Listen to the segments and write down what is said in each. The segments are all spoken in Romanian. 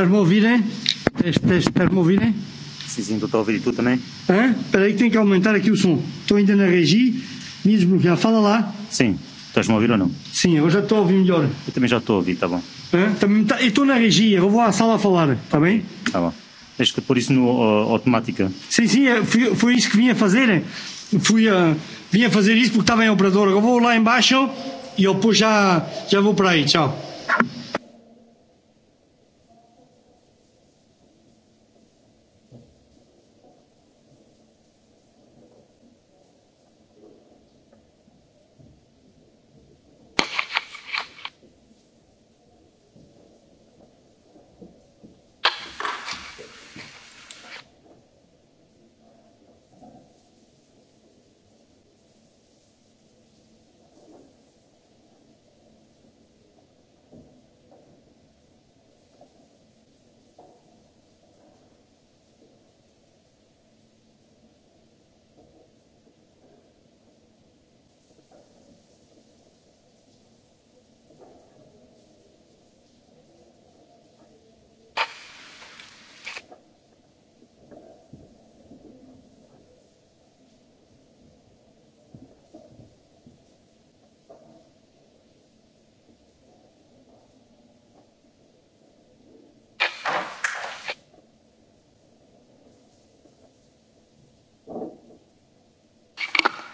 Strmo vine? Este Strmo uh, vine? Vocês indo tá ouvindo tudo, né? É? Peraí que tem que aumentar aqui o som. Estou ainda na regi, me desbloquear. Fala lá. Sim. Estás me a ouvir ou não? Sim, eu já estou a ouvir melhor. Eu também já estou a ouvir, tá bom. É? Também tá... Eu estou na regia, eu vou à sala a falar, tá bem? Tá bom. Tens que pôr isso no, uh, automática. Sim, sim, fui, foi isso que vim a fazer. Fui a, vim a fazer isso porque estava em operador. Eu vou lá embaixo e eu depois já, já vou para aí. Tchau.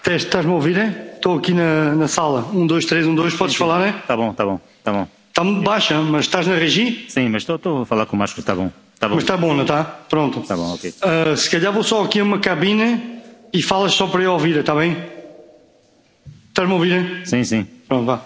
Teste, estás-me a ouvir, Estou aqui na, na sala. Um, dois, três, um, dois, sim, podes sim, falar, né? Tá bom, tá bom, tá bom. Está muito baixa, mas estás na regi? Sim, mas estou a falar com o Márcio, está bom. Tá bom. Mas está bom, não está? Pronto. Está da, bom, ok. Uh, se calhar vou só aqui a uma cabine e falas só para eu ouvir, está bem? Estás-me a ouvir? Sim, sim. Pronto, vá.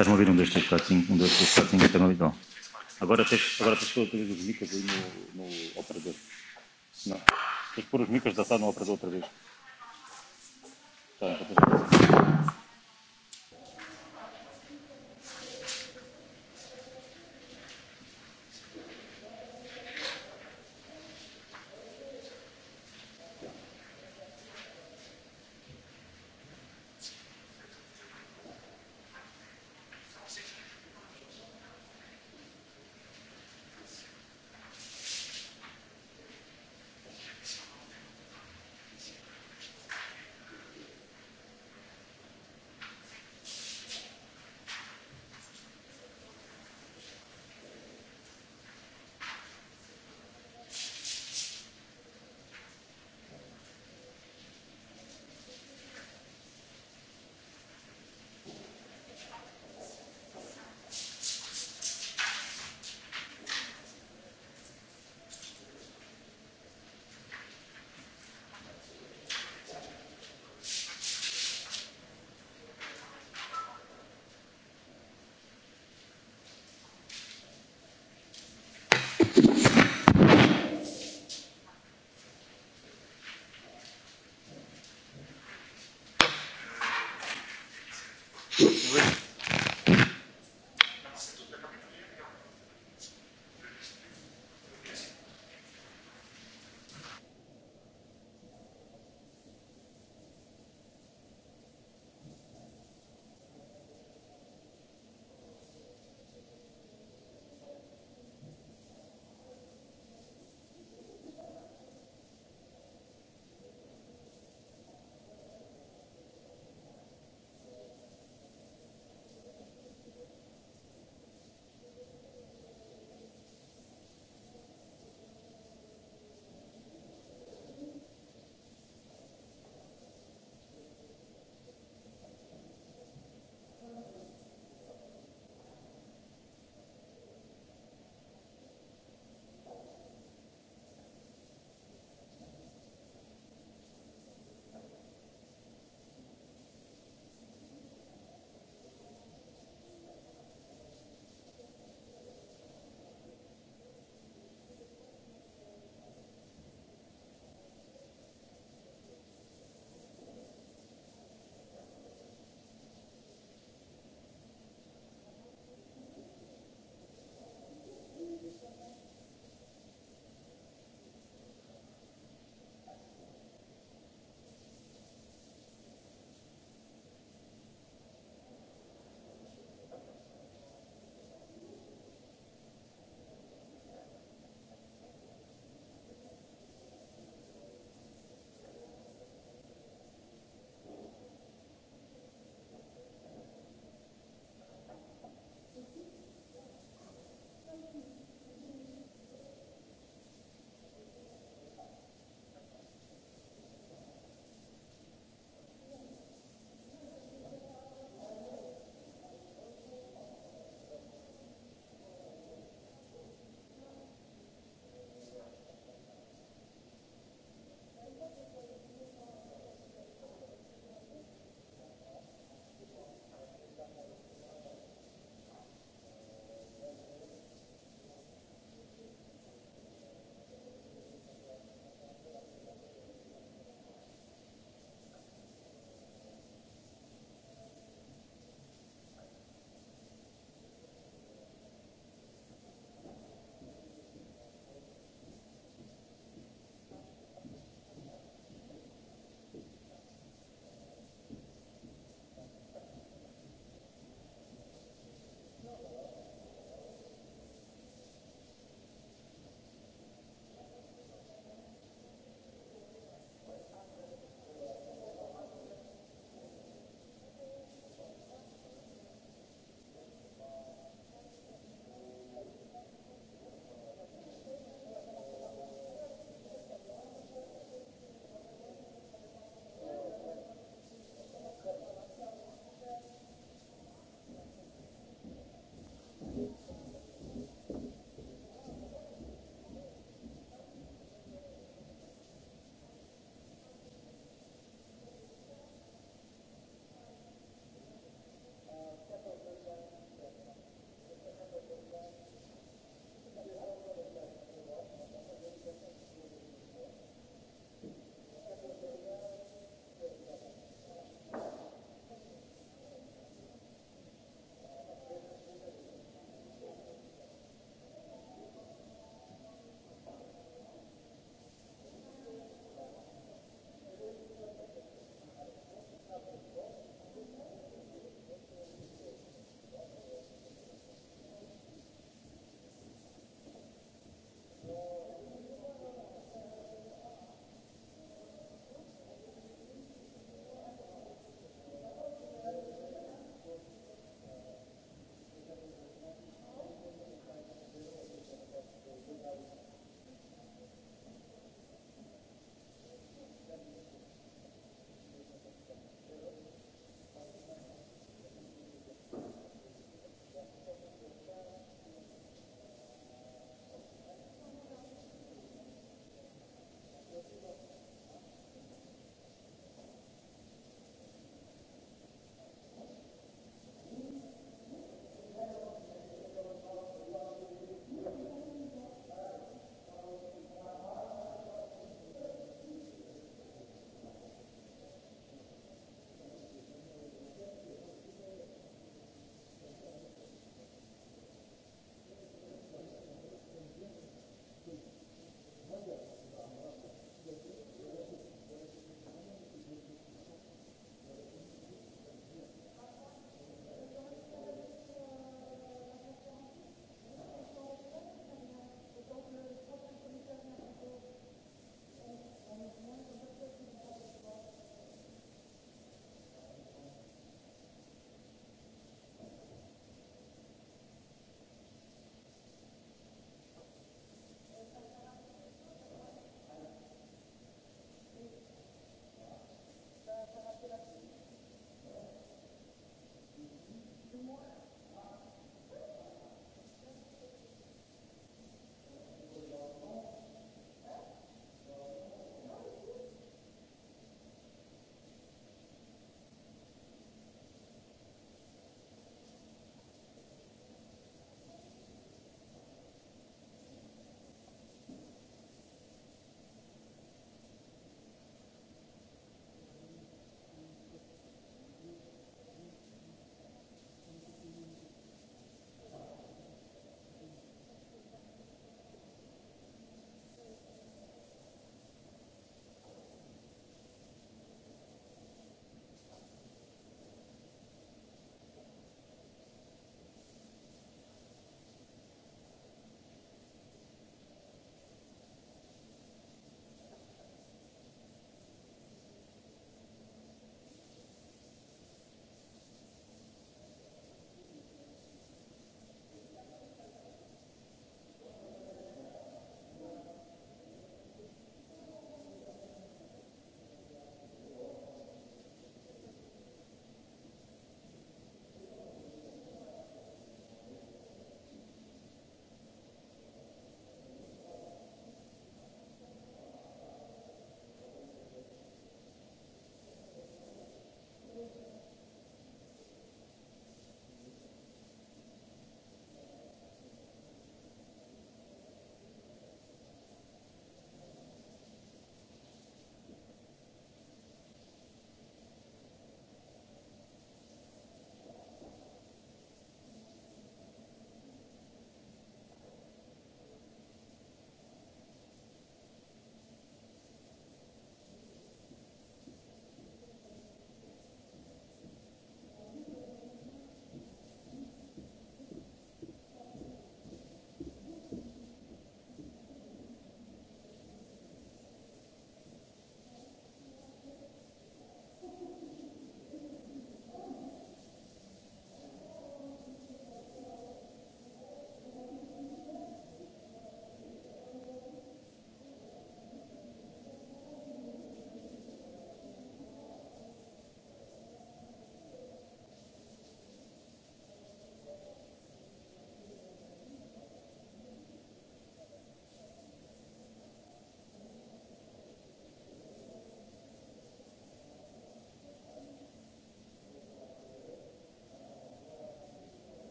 termovir um, dois, três, quatro, cinco, um, dois, três, quatro, cinco, até não Agora tens, agora tens que pôr os micas aí no, no operador. Não. Tens que pôr os micas da no operador outra vez. Rick